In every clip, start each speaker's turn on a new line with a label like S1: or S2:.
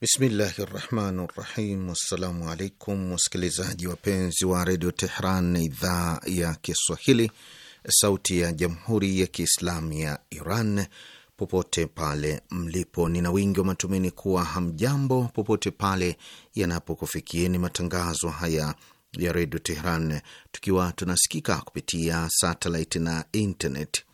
S1: Bismillahi rahmani rahim. Wassalamu alaikum wasikilizaji wapenzi wa redio Tehran, idhaa ya Kiswahili, sauti ya jamhuri ya kiislamu ya Iran, popote pale mlipo. Nina wingi wa matumaini kuwa hamjambo, popote pale yanapokufikieni matangazo haya ya redio Tehran, tukiwa tunasikika kupitia satelit na internet.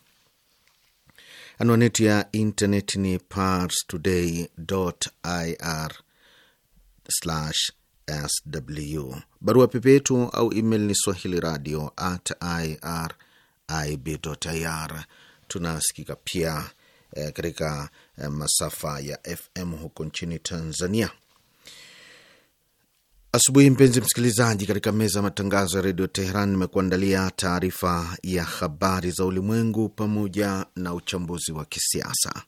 S1: Anwani yetu ya internet ni parstoday.ir/sw. Barua pepe yetu au email ni swahili radio at irib.ir. Tunasikika pia eh, katika eh, masafa ya FM huko nchini Tanzania Asubuhi mpenzi msikilizaji, katika meza ya matangazo ya redio Teheran nimekuandalia taarifa ya habari za ulimwengu pamoja na uchambuzi wa kisiasa.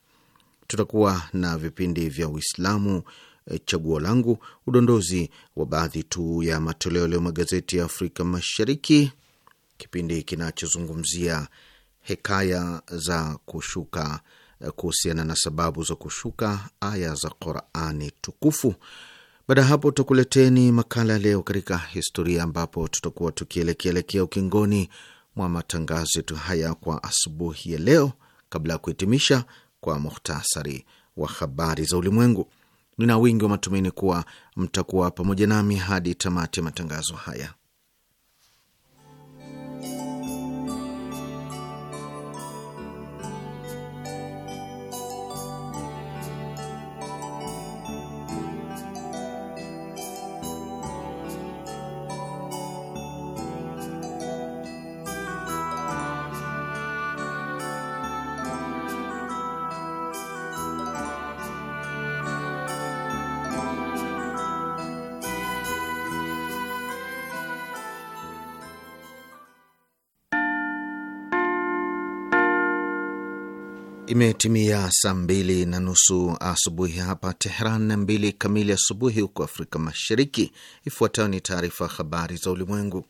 S1: Tutakuwa na vipindi vya Uislamu, e, chaguo langu, udondozi wa baadhi tu ya matoleo leo magazeti ya Afrika Mashariki, kipindi kinachozungumzia hekaya za kushuka e, kuhusiana na sababu za kushuka aya za Qurani tukufu baada ya hapo, tutakuleteni makala ya leo katika historia, ambapo tutakuwa tukielekeelekea ukingoni mwa matangazo yetu haya kwa asubuhi ya leo, kabla ya kuhitimisha kwa muhtasari wa habari za ulimwengu. Nina wingi wa matumaini kuwa mtakuwa pamoja nami hadi tamati ya matangazo haya. Imetimia saa mbili na nusu asubuhi hapa teheran na mbili kamili asubuhi huko Afrika Mashariki. Ifuatayo ni taarifa habari za ulimwengu,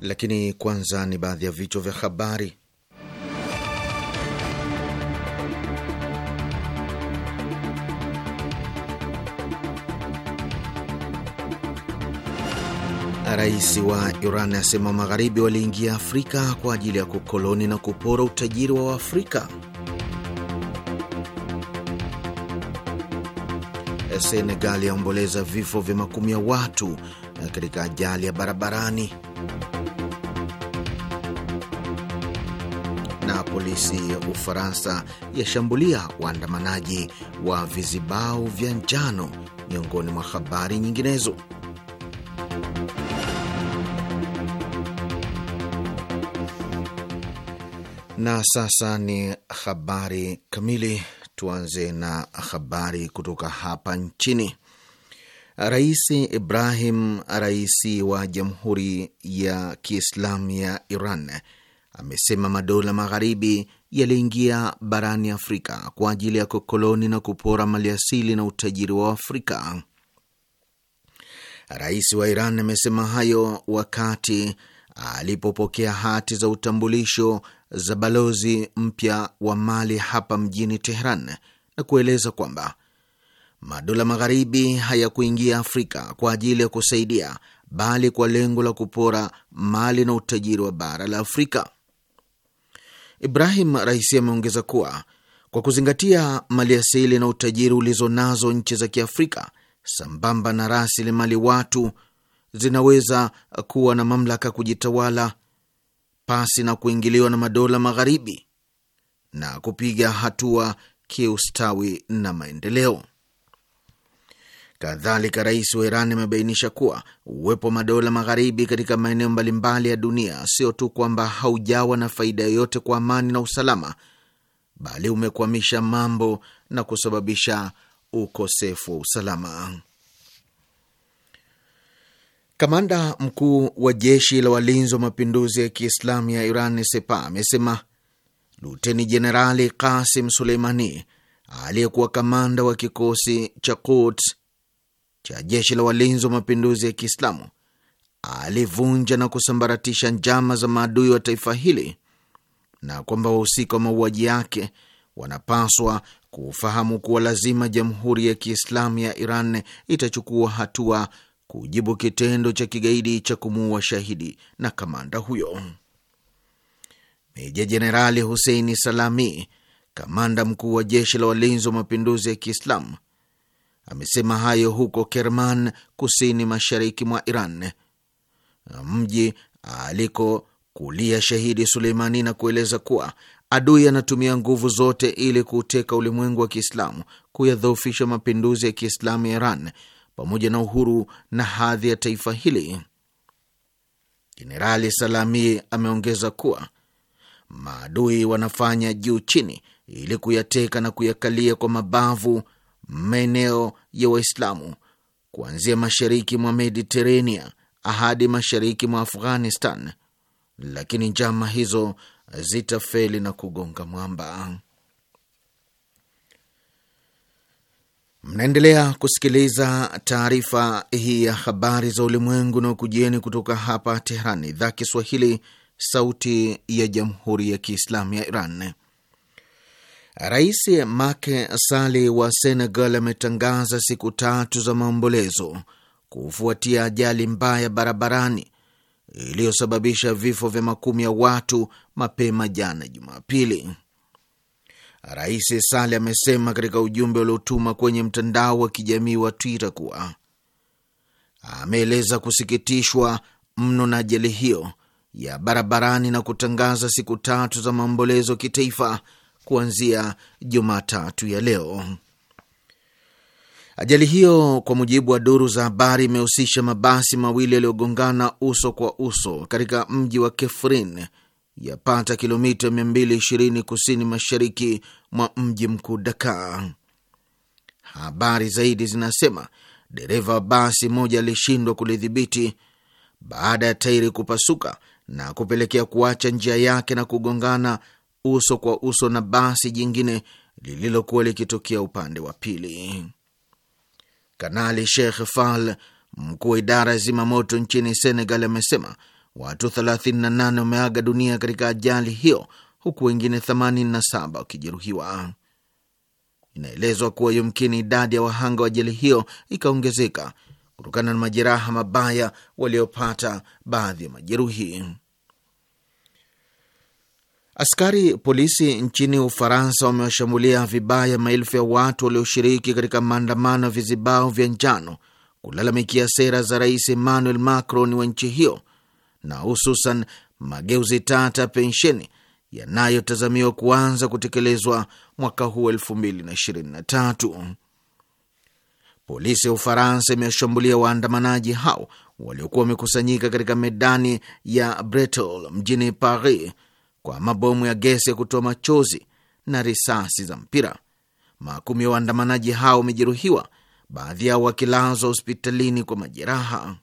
S1: lakini kwanza ni baadhi ya vichwa vya habari. Rais wa Iran asema magharibi waliingia Afrika kwa ajili ya kukoloni na kupora utajiri wa Afrika. Senegal yaomboleza vifo vya makumi ya watu katika ajali ya barabarani. Na polisi ya Ufaransa yashambulia waandamanaji wa vizibao vya njano, miongoni mwa habari nyinginezo. Na sasa ni habari kamili. Tuanze na habari kutoka hapa nchini. Rais Ibrahim Raisi wa Jamhuri ya Kiislamu ya Iran amesema madola magharibi yaliingia barani Afrika kwa ajili ya kukoloni na kupora maliasili na utajiri wa Afrika. Rais wa Iran amesema hayo wakati alipopokea hati za utambulisho za balozi mpya wa Mali hapa mjini Teheran na kueleza kwamba madola magharibi hayakuingia Afrika kwa ajili ya kusaidia, bali kwa lengo la kupora mali na utajiri wa bara la Afrika. Ibrahim Raisi ameongeza kuwa kwa kuzingatia maliasili na utajiri ulizo nazo nchi za Kiafrika sambamba na rasilimali watu, zinaweza kuwa na mamlaka kujitawala pasi na kuingiliwa na madola magharibi na kupiga hatua kiustawi na maendeleo. Kadhalika, rais wa Iran amebainisha kuwa uwepo wa madola magharibi katika maeneo mbalimbali ya dunia sio tu kwamba haujawa na faida yoyote kwa amani na usalama, bali umekwamisha mambo na kusababisha ukosefu wa usalama. Kamanda mkuu wa jeshi la walinzi wa mapinduzi ya Kiislamu ya Iran Sepa amesema Luteni Jenerali Kasim Suleimani aliyekuwa kamanda wa kikosi cha Quds cha jeshi la walinzi wa mapinduzi ya Kiislamu alivunja na kusambaratisha njama za maadui wa taifa hili na kwamba wahusika wa mauaji yake wanapaswa kufahamu kuwa lazima Jamhuri ya Kiislamu ya Iran itachukua hatua kujibu kitendo cha kigaidi cha kumuua shahidi na kamanda huyo. Meja Jenerali Huseini Salami, kamanda mkuu wa jeshi la walinzi wa mapinduzi ya Kiislamu, amesema hayo huko Kerman, kusini mashariki mwa Iran, mji aliko kulia shahidi Suleimani, na kueleza kuwa adui anatumia nguvu zote ili kuuteka ulimwengu wa Kiislamu, kuyadhoofisha mapinduzi ya Kiislamu ya Iran pamoja na uhuru na hadhi ya taifa hili. Jenerali Salami ameongeza kuwa maadui wanafanya juu chini ili kuyateka na kuyakalia kwa mabavu maeneo ya Waislamu kuanzia mashariki mwa Mediterania hadi mashariki mwa Afghanistan, lakini njama hizo zitafeli na kugonga mwamba. Mnaendelea kusikiliza taarifa hii ya habari za ulimwengu na ukujieni kutoka hapa Teherani, idhaa Kiswahili, sauti ya jamhuri ya kiislamu ya Iran. Rais Macky Sall wa Senegal ametangaza siku tatu za maombolezo kufuatia ajali mbaya barabarani iliyosababisha vifo vya makumi ya watu mapema jana Jumapili. Rais Saleh amesema katika ujumbe uliotuma kwenye mtandao wa kijamii wa Twitter kuwa ameeleza kusikitishwa mno na ajali hiyo ya barabarani na kutangaza siku tatu za maombolezo kitaifa kuanzia Jumatatu ya leo. Ajali hiyo kwa mujibu wa duru za habari imehusisha mabasi mawili yaliyogongana uso kwa uso katika mji wa Kefrin yapata kilomita 220 kusini mashariki mwa mji mkuu Dakar. Habari zaidi zinasema dereva wa basi moja alishindwa kulidhibiti baada ya tairi kupasuka na kupelekea kuacha njia yake na kugongana uso kwa uso na basi jingine lililokuwa likitokea upande wa pili. Kanali Sheikh Fall, mkuu wa idara ya zimamoto nchini Senegal, amesema Watu 38 wameaga dunia katika ajali hiyo huku wengine 87 wakijeruhiwa. Inaelezwa kuwa yumkini idadi ya wahanga wa ajali hiyo ikaongezeka kutokana na majeraha mabaya waliopata baadhi ya majeruhi. Askari polisi nchini Ufaransa wamewashambulia vibaya maelfu ya watu walioshiriki katika maandamano ya vizibao vya njano kulalamikia sera za Rais Emmanuel Macron wa nchi hiyo na hususan mageuzi tata pensheni yanayotazamiwa kuanza kutekelezwa mwaka huu elfu mbili na ishirini na tatu. Polisi ya Ufaransa imeshambulia waandamanaji hao waliokuwa wamekusanyika katika medani ya bretol mjini Paris kwa mabomu ya gesi ya kutoa machozi na risasi za mpira. Makumi ya waandamanaji hao wamejeruhiwa, baadhi yao wakilazwa hospitalini kwa majeraha.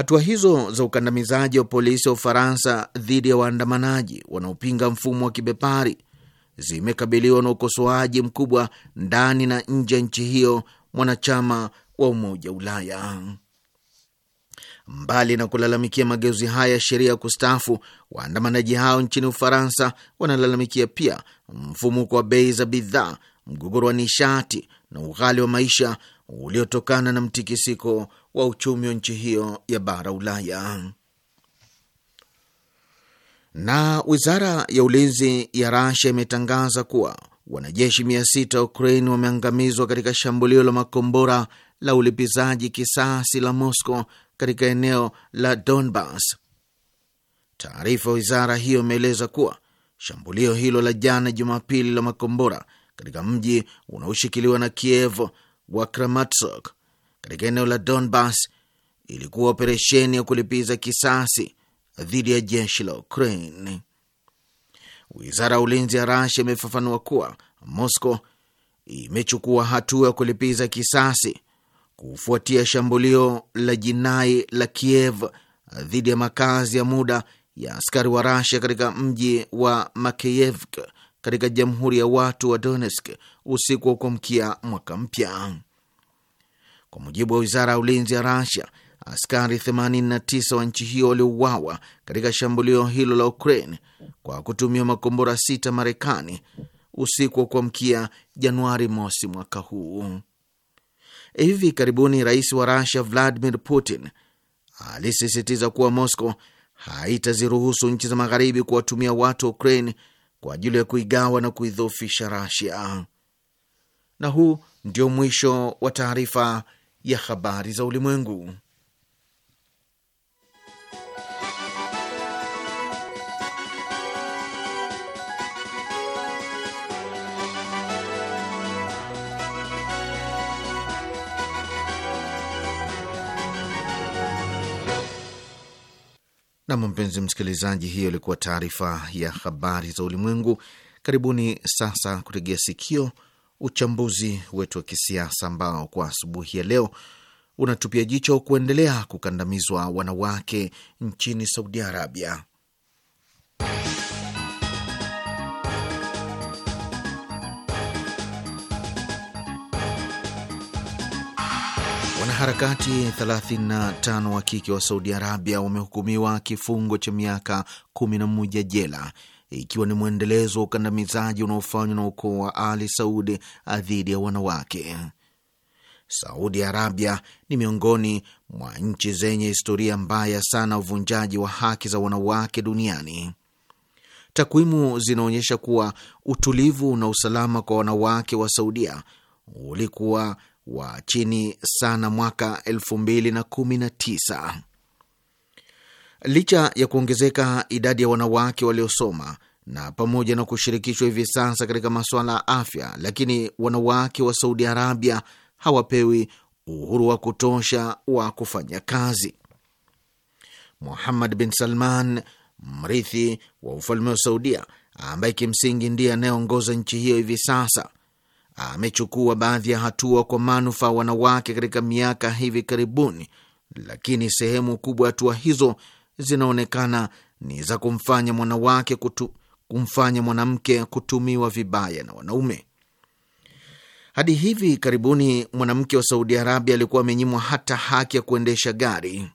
S1: Hatua hizo za ukandamizaji wa polisi wa Ufaransa dhidi ya waandamanaji wanaopinga mfumo wa kibepari zimekabiliwa na ukosoaji mkubwa ndani na nje ya nchi hiyo mwanachama wa Umoja wa Ulaya. Mbali na kulalamikia mageuzi haya ya sheria ya kustaafu, waandamanaji hao nchini Ufaransa wanalalamikia pia mfumuko wa bei za bidhaa, mgogoro wa nishati na ughali wa maisha uliotokana na mtikisiko wa uchumi wa nchi hiyo ya bara Ulaya. Na wizara ya ulinzi ya Rasia imetangaza kuwa wanajeshi mia sita wa Ukraine wameangamizwa katika shambulio la makombora la ulipizaji kisasi la Moscow katika eneo la Donbas. Taarifa ya wizara hiyo imeeleza kuwa shambulio hilo la jana Jumapili la makombora katika mji unaoshikiliwa na Kiev wa Kramatorsk katika eneo la Donbas ilikuwa operesheni ya kulipiza kisasi dhidi ya jeshi la Ukraine. Wizara ya ulinzi ya Rasia imefafanua kuwa Moscow imechukua hatua ya kulipiza kisasi kufuatia shambulio la jinai la Kiev dhidi ya makazi ya muda ya askari wa Rasia katika mji wa Makeyevk katika Jamhuri ya Watu wa Donetsk usiku wa kuamkia mwaka mpya. Kwa mujibu wa wizara ya ulinzi ya Rasia, askari 89 wa nchi hiyo waliouawa katika shambulio hilo la Ukraine kwa kutumia makombora sita Marekani usiku wa kuamkia Januari mosi mwaka huu. Hivi karibuni rais wa Rasia Vladimir Putin alisisitiza kuwa Moscow haitaziruhusu nchi za magharibi kuwatumia watu wa Ukraine kwa ajili ya kuigawa na kuidhoofisha Rasia. Na huu ndio mwisho wa taarifa ya habari za ulimwengu. Nam, mpenzi msikilizaji, hiyo ilikuwa taarifa ya habari za ulimwengu. Karibuni sasa kutegea sikio uchambuzi wetu wa kisiasa ambao kwa asubuhi ya leo unatupia jicho kuendelea kukandamizwa wanawake nchini Saudi Arabia. Wanaharakati 35 wa kike wa Saudi Arabia wamehukumiwa kifungo cha miaka 11 jela ikiwa ni mwendelezo wa ukandamizaji unaofanywa na ukoo wa Ali Saudi dhidi ya wanawake. Saudi Arabia ni miongoni mwa nchi zenye historia mbaya sana uvunjaji wa haki za wanawake duniani. Takwimu zinaonyesha kuwa utulivu na usalama kwa wanawake wa Saudia ulikuwa wa chini sana mwaka elfu mbili na kumi na tisa. Licha ya kuongezeka idadi ya wanawake waliosoma na pamoja na kushirikishwa hivi sasa katika masuala ya afya, lakini wanawake wa Saudi Arabia hawapewi uhuru wa kutosha wa kufanya kazi. Muhammad bin Salman, mrithi wa ufalme wa Saudia, ambaye kimsingi ndiye anayeongoza nchi hiyo hivi sasa, amechukua baadhi ya hatua kwa manufaa wanawake katika miaka hivi karibuni, lakini sehemu kubwa ya hatua hizo zinaonekana ni za kumfanya mwanawake kutu, kumfanya mwanamke kutumiwa vibaya na wanaume. Hadi hivi karibuni mwanamke wa Saudi Arabia alikuwa amenyimwa hata haki ya kuendesha gari.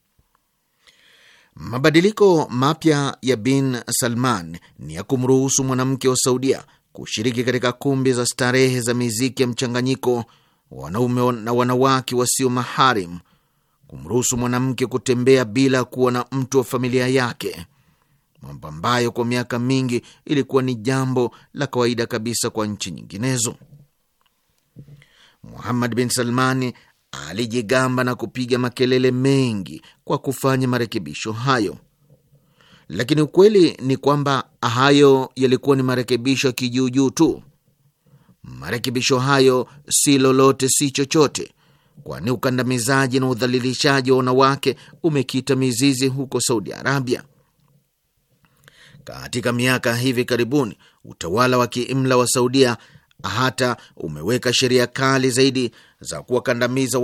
S1: Mabadiliko mapya ya Bin Salman ni ya kumruhusu mwanamke wa Saudia kushiriki katika kumbi za starehe za miziki ya mchanganyiko, wanaume na wanawake wasio maharim kumruhusu mwanamke kutembea bila kuwa na mtu wa familia yake, mambo ambayo kwa miaka mingi ilikuwa ni jambo la kawaida kabisa kwa nchi nyinginezo. Muhammad bin Salmani alijigamba na kupiga makelele mengi kwa kufanya marekebisho hayo, lakini ukweli ni kwamba hayo yalikuwa ni marekebisho ya kijuujuu tu. Marekebisho hayo si lolote si chochote kwani ukandamizaji na udhalilishaji wa wanawake umekita mizizi huko Saudi Arabia. Katika miaka hivi karibuni, utawala wa kiimla wa Saudia hata umeweka sheria kali zaidi za kuwakandamiza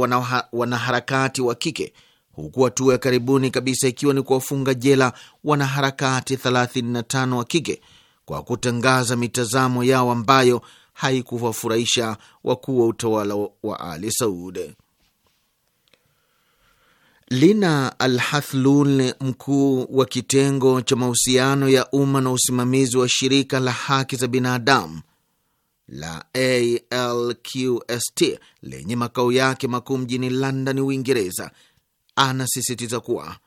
S1: wanaharakati wa kike huku hatua ya karibuni kabisa ikiwa ni kuwafunga jela wanaharakati 35 wa kike kwa kutangaza mitazamo yao ambayo haikuwafurahisha wakuu wa utawala wa Ali saudi Lina Alhathlul, mkuu wa kitengo cha mahusiano ya umma na usimamizi wa shirika la haki za binadamu la ALQST lenye makao yake makuu mjini London, Uingereza, anasisitiza kuwa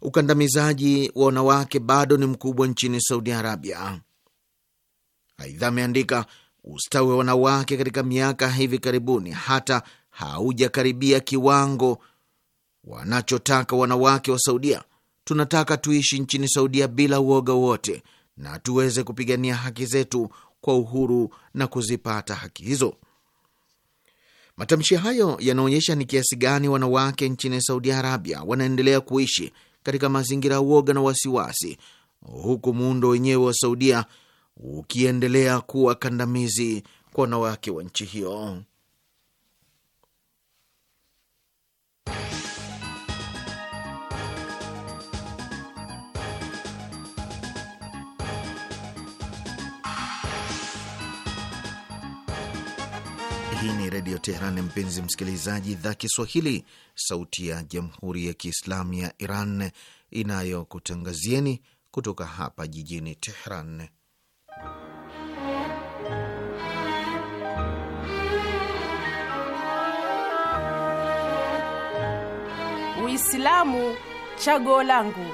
S1: ukandamizaji wa wanawake bado ni mkubwa nchini Saudi Arabia. Aidha ameandika ustawi wa wanawake katika miaka hivi karibuni hata haujakaribia kiwango wanachotaka wanawake wa Saudia. Tunataka tuishi nchini Saudia bila uoga wote na tuweze kupigania haki zetu kwa uhuru na kuzipata haki hizo. Matamshi hayo yanaonyesha ni kiasi gani wanawake nchini Saudi Arabia wanaendelea kuishi katika mazingira ya uoga na wasiwasi, huku muundo wenyewe wa Saudia ukiendelea kuwa kandamizi kwa wanawake wa nchi hiyo. Hii ni Redio Teheran, mpenzi msikilizaji, idhaa Kiswahili, sauti ya Jamhuri ya Kiislamu ya Iran inayokutangazieni kutoka hapa jijini Teheran.
S2: Uislamu chaguo langu.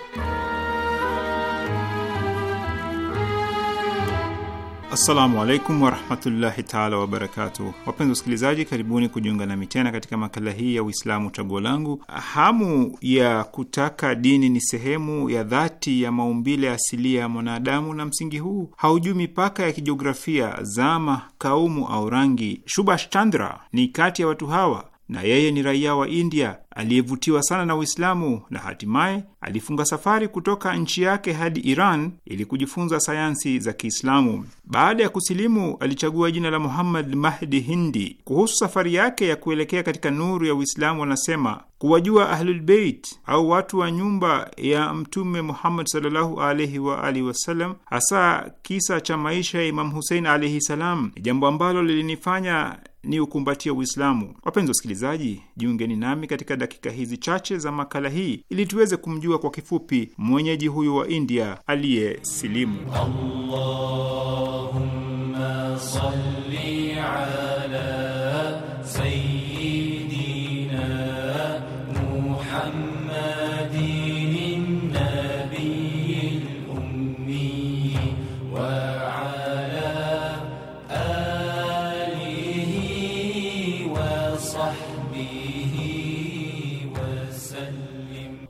S3: Assalamu alaikum warahmatullahi taala wabarakatuh. Wapenzi wasikilizaji, karibuni kujiunga nami tena katika makala hii ya Uislamu chaguo langu. Hamu ya kutaka dini ni sehemu ya dhati ya maumbile asilia ya mwanadamu, na msingi huu haujui mipaka ya kijiografia, zama, kaumu au rangi. Subhash Chandra ni kati ya watu hawa, na yeye ni raia wa India aliyevutiwa sana na Uislamu na hatimaye alifunga safari kutoka nchi yake hadi Iran ili kujifunza sayansi za Kiislamu. Baada ya kusilimu, alichagua jina la Muhammad Mahdi Hindi. Kuhusu safari yake ya kuelekea katika nuru ya Uislamu, anasema kuwajua Ahlulbeit au watu wa nyumba ya Mtume Muhammad sallallahu alaihi wa alihi wasallam, hasa kisa cha maisha ya Imam Husein alaihi salam, ni jambo ambalo lilinifanya ni ukumbatia Uislamu. Wapenzi wasikilizaji, jiungeni nami katika dakika hizi chache za makala hii ili tuweze kumjua kwa kifupi mwenyeji huyu wa India aliyesilimu.
S4: Allahumma salli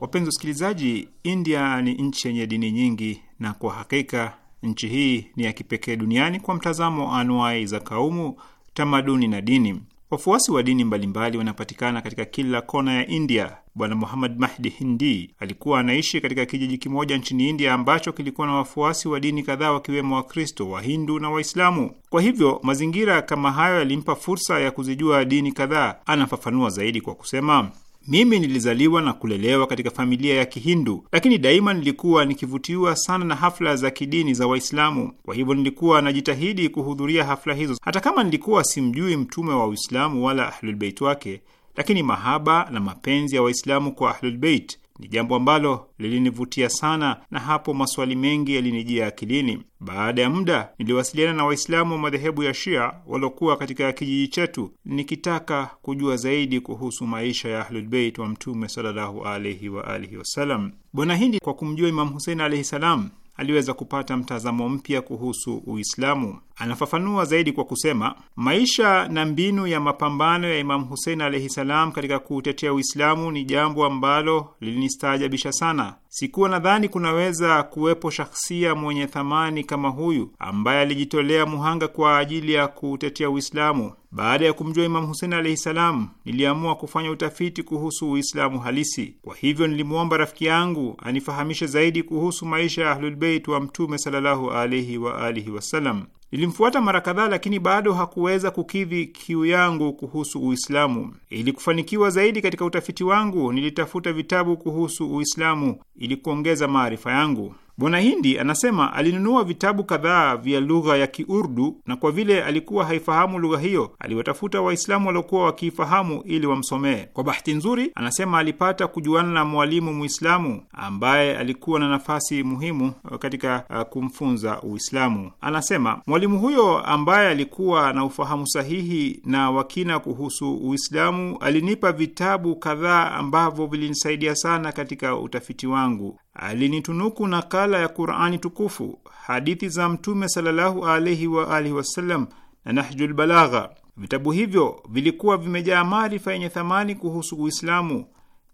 S3: Wapenzi wasikilizaji, India ni nchi yenye dini nyingi na kwa hakika nchi hii ni ya kipekee duniani kwa mtazamo wa anuai za kaumu, tamaduni na dini. Wafuasi wa dini mbalimbali wanapatikana katika kila kona ya India. Bwana Muhammad Mahdi Hindi alikuwa anaishi katika kijiji kimoja nchini India ambacho kilikuwa na wafuasi wa dini kadhaa wakiwemo Wakristo, Wahindu na Waislamu. Kwa hivyo mazingira kama hayo yalimpa fursa ya kuzijua dini kadhaa. Anafafanua zaidi kwa kusema mimi nilizaliwa na kulelewa katika familia ya Kihindu, lakini daima nilikuwa nikivutiwa sana na hafla za kidini za Waislamu. Kwa hivyo nilikuwa najitahidi kuhudhuria hafla hizo, hata kama nilikuwa simjui mtume wa Uislamu wala Ahlulbeit wake, lakini mahaba na mapenzi ya Waislamu kwa Ahlulbeit ni jambo ambalo lilinivutia sana, na hapo maswali mengi yalinijia akilini. Baada ya muda, niliwasiliana na Waislamu wa madhehebu ya Shia waliokuwa katika kijiji chetu, nikitaka kujua zaidi kuhusu maisha ya Ahlulbeit wa Mtume sallallahu alaihi wa alihi wasalam. Bwana Hindi, kwa kumjua Imam Husein alaihi salam, aliweza kupata mtazamo mpya kuhusu Uislamu. Anafafanua zaidi kwa kusema, maisha na mbinu ya mapambano ya Imamu Husein alaihi salam katika kuutetea Uislamu ni jambo ambalo lilinistaajabisha sana. Sikuwa nadhani kunaweza kuwepo shahsia mwenye thamani kama huyu ambaye alijitolea muhanga kwa ajili ya kutetea Uislamu. Baada ya kumjua Imamu Husein alaihi salam, niliamua kufanya utafiti kuhusu Uislamu halisi. Kwa hivyo nilimwomba rafiki yangu anifahamishe zaidi kuhusu maisha ya Ahlulbeit wa Mtume sallallahu alaihi waalihi wasalam. Nilimfuata mara kadhaa, lakini bado hakuweza kukidhi kiu yangu kuhusu Uislamu. Ili kufanikiwa zaidi katika utafiti wangu, nilitafuta vitabu kuhusu Uislamu ili kuongeza maarifa yangu. Bwana Hindi anasema alinunua vitabu kadhaa vya lugha ya Kiurdu, na kwa vile alikuwa haifahamu lugha hiyo, aliwatafuta Waislamu waliokuwa wakiifahamu ili wamsomee. Kwa bahati nzuri, anasema alipata kujuana na mwalimu Muislamu ambaye alikuwa na nafasi muhimu uh, katika uh, kumfunza Uislamu. Anasema mwalimu huyo ambaye alikuwa na ufahamu sahihi na wakina kuhusu Uislamu alinipa vitabu kadhaa ambavyo vilinisaidia sana katika utafiti wangu alinitunuku nakala ya Qurani tukufu, hadithi za Mtume sallallahu alaihi wa alihi wasallam na Nahjul Balagha. Vitabu hivyo vilikuwa vimejaa maarifa yenye thamani kuhusu Uislamu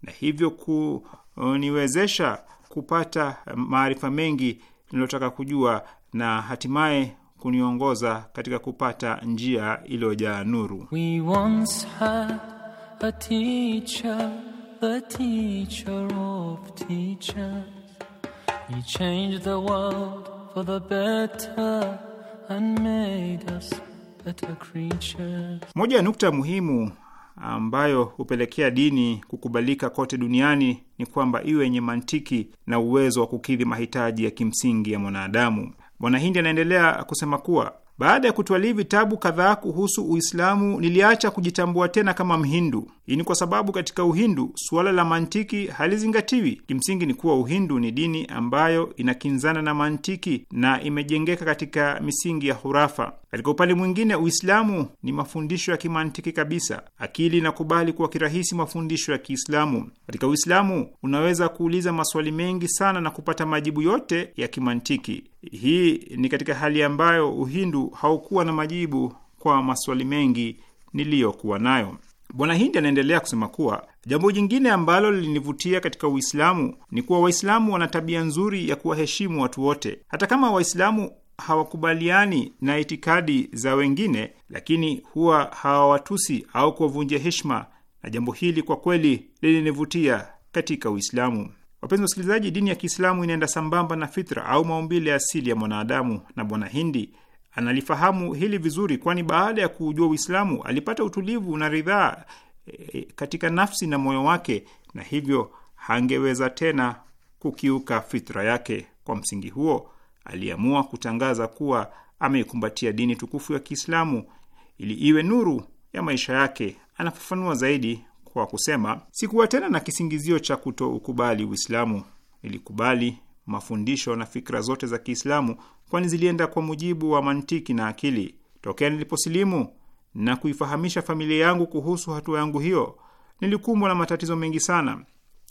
S3: na hivyo kuniwezesha kupata maarifa mengi niliyotaka kujua na hatimaye kuniongoza katika kupata njia iliyojaa
S4: nuru. We once had a teacher, teacher of teachers. He changed the world for the better and made us better creatures.
S3: Moja ya nukta muhimu ambayo hupelekea dini kukubalika kote duniani ni kwamba iwe yenye mantiki na uwezo wa kukidhi mahitaji ya kimsingi ya mwanadamu. Bwana Hindi anaendelea kusema kuwa baada ya kutwalii vitabu kadhaa kuhusu Uislamu, niliacha kujitambua tena kama Mhindu hii ni kwa sababu katika Uhindu suala la mantiki halizingatiwi. Kimsingi ni kuwa Uhindu ni dini ambayo inakinzana na mantiki na imejengeka katika misingi ya hurafa. Katika upande mwingine, Uislamu ni mafundisho ya kimantiki kabisa. Akili inakubali kwa kirahisi mafundisho ya Kiislamu. Katika Uislamu unaweza kuuliza maswali mengi sana na kupata majibu yote ya kimantiki. Hii ni katika hali ambayo Uhindu haukuwa na majibu kwa maswali mengi niliyokuwa nayo. Bwana Hindi anaendelea kusema kuwa jambo jingine ambalo lilinivutia katika Uislamu ni kuwa Waislamu wana tabia nzuri ya kuwaheshimu watu wote, hata kama Waislamu hawakubaliani na itikadi za wengine, lakini huwa hawawatusi au kuwavunjia heshima, na jambo hili kwa kweli lilinivutia katika Uislamu. Wapenzi wasikilizaji, dini ya Kiislamu inaenda sambamba na fitra au maumbile asili ya mwanadamu, na Bwana Hindi Analifahamu hili vizuri, kwani baada ya kuujua Uislamu alipata utulivu na ridhaa e, katika nafsi na moyo wake, na hivyo hangeweza tena kukiuka fitra yake. Kwa msingi huo, aliamua kutangaza kuwa ameikumbatia dini tukufu ya Kiislamu ili iwe nuru ya maisha yake. Anafafanua zaidi kwa kusema, sikuwa tena na kisingizio cha kutoukubali Uislamu. Nilikubali mafundisho na fikra zote za Kiislamu kwani zilienda kwa mujibu wa mantiki na akili. Tokea niliposilimu na kuifahamisha familia yangu kuhusu hatua yangu hiyo, nilikumbwa na matatizo mengi sana.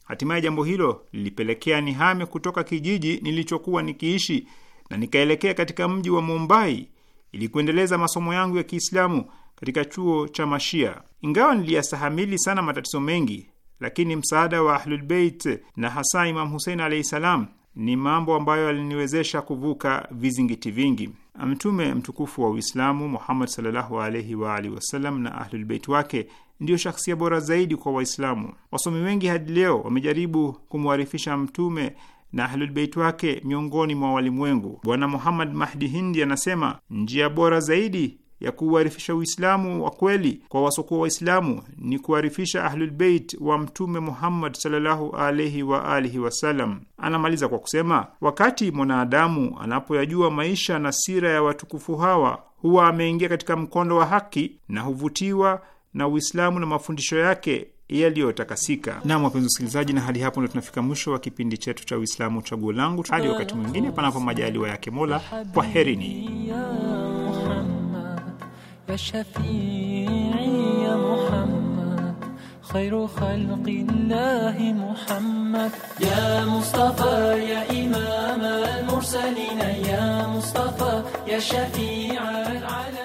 S3: Hatimaye jambo hilo lilipelekea nihame kutoka kijiji nilichokuwa nikiishi na nikaelekea katika mji wa Mumbai ili kuendeleza masomo yangu ya Kiislamu katika chuo cha Mashia. Ingawa niliyasahamili sana matatizo mengi, lakini msaada wa Ahlulbeit na hasa Imam Husein alahi salam ni mambo ambayo aliniwezesha kuvuka vizingiti vingi. Mtume mtukufu wa Uislamu Muhammad sallallahu alaihi wa alihi wasallam na ahlulbeit wake ndiyo shakhsia bora zaidi kwa Waislamu. Wasomi wengi hadi leo wamejaribu kumwarifisha Mtume na ahlulbeit wake miongoni mwa walimwengu. Bwana Muhammad Mahdi Hindi anasema njia bora zaidi ya kuuarifisha Uislamu wa kweli kwa wasokuwa Waislamu ni kuarifisha Ahlulbeit wa Mtume Muhammad sallallahu alaihi wa alihi Anamaliza kwa kusema, wakati mwanadamu anapoyajua maisha na sira ya watukufu hawa huwa ameingia katika mkondo wa haki na huvutiwa na Uislamu na mafundisho yake yaliyotakasika. Nam, wapenzi wasikilizaji, na hadi hapo ndo tunafika mwisho wa kipindi chetu cha Uislamu Chaguo Langu. Hadi wakati mwingine, panapo majaliwa yake Mola, kwaherini.
S4: وشفيعي يا محمد خير خلق الله محمد يا مصطفى يا إمام المرسلين يا مصطفى يا شفيع العالمين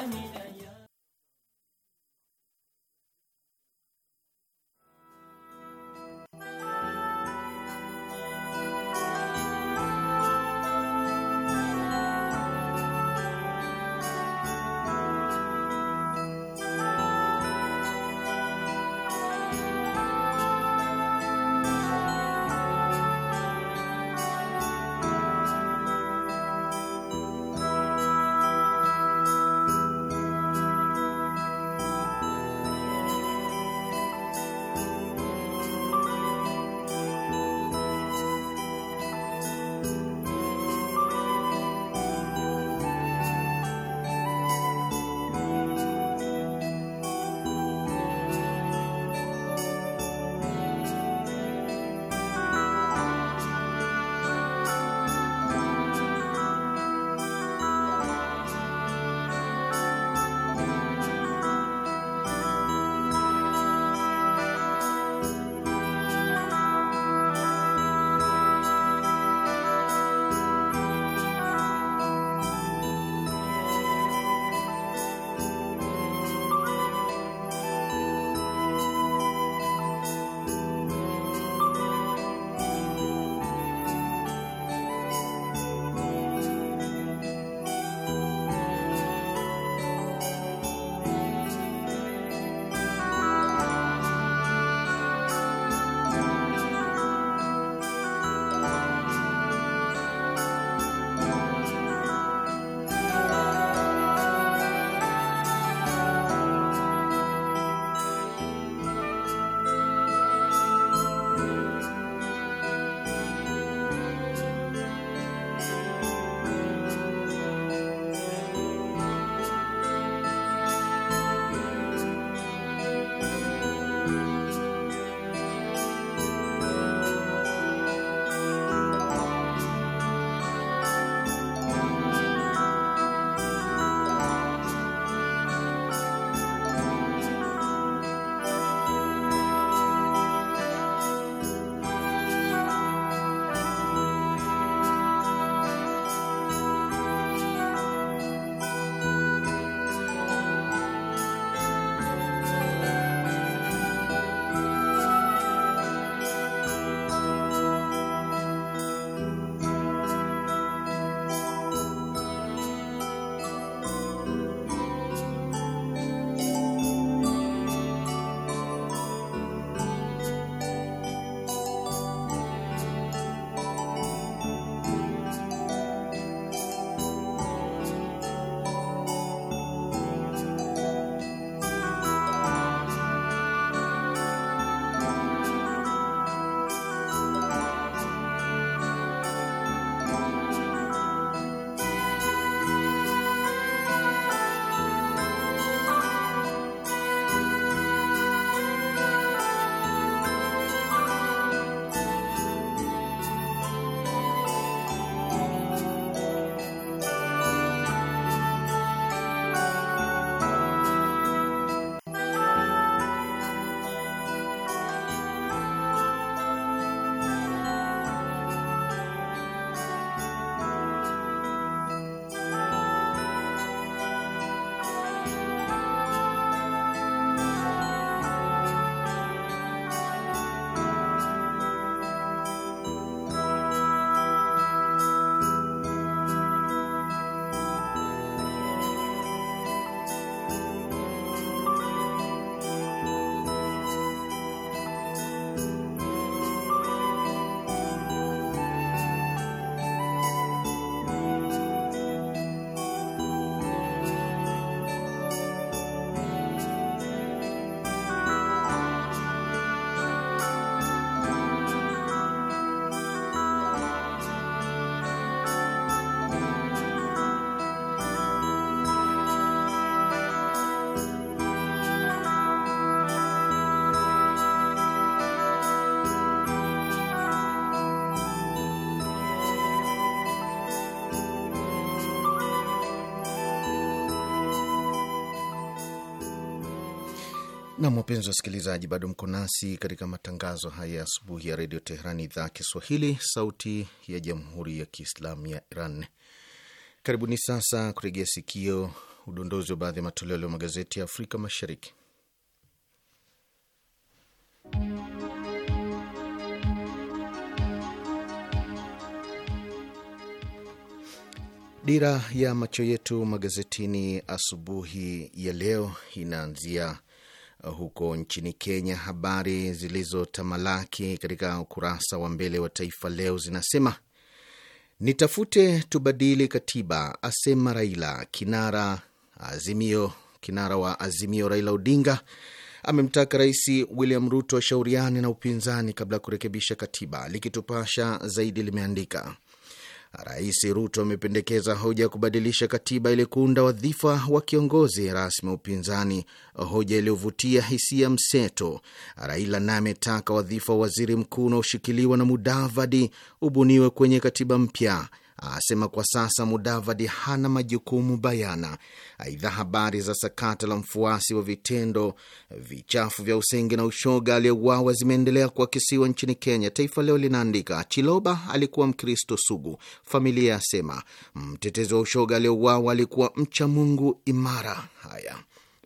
S1: Nam, wapenzi wasikilizaji, bado mko nasi katika matangazo haya ya asubuhi ya redio Teherani, idhaa ya Kiswahili, sauti ya jamhuri ya kiislamu ya Iran. Karibuni sasa kuregea sikio udondozi wa baadhi ya matoleo ya magazeti ya Afrika Mashariki. Dira ya macho yetu magazetini asubuhi ya leo inaanzia Eh, huko nchini Kenya, habari zilizotamalaki katika ukurasa wa mbele wa Taifa Leo zinasema nitafute tubadili katiba, asema Raila. Kinara Azimio, kinara wa Azimio Raila Odinga amemtaka Rais William Ruto ashauriane na upinzani kabla ya kurekebisha katiba. Likitupasha zaidi limeandika Rais Ruto amependekeza hoja ya kubadilisha katiba ili kuunda wadhifa wa kiongozi rasmi wa upinzani, hoja iliyovutia hisia mseto. Raila naye ametaka wadhifa wa waziri mkuu unaoshikiliwa na Mudavadi ubuniwe kwenye katiba mpya asema kwa sasa Mudavadi hana majukumu bayana. Aidha, habari za sakata la mfuasi wa vitendo vichafu vya usenge na ushoga aliyeuawa zimeendelea kuakisiwa nchini Kenya. Taifa Leo linaandika Chiloba alikuwa Mkristo sugu, familia yasema mtetezi wa ushoga aliyeuawa alikuwa mcha Mungu imara. Haya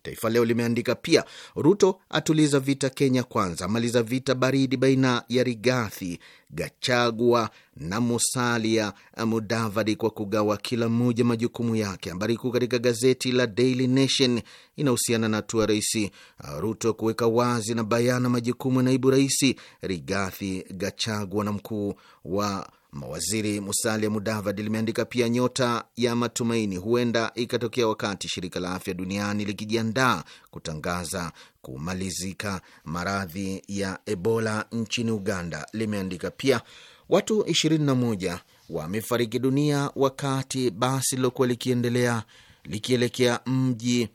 S1: Taifa Leo limeandika pia, Ruto atuliza vita Kenya Kwanza, amaliza vita baridi baina ya Rigathi, Gachagua na Musalia Mudavadi kwa kugawa kila mmoja majukumu yake. Habari kuu katika gazeti la Daily Nation inahusiana na hatua raisi Rais Ruto kuweka wazi na bayana majukumu ya naibu rais Rigathi, Gachagua na mkuu wa mawaziri Musalia Mudavadi limeandika pia nyota ya matumaini huenda ikatokea wakati shirika la afya duniani likijiandaa kutangaza kumalizika maradhi ya Ebola nchini Uganda. Limeandika pia watu 21 wamefariki dunia wakati basi lilokuwa likiendelea likielekea mji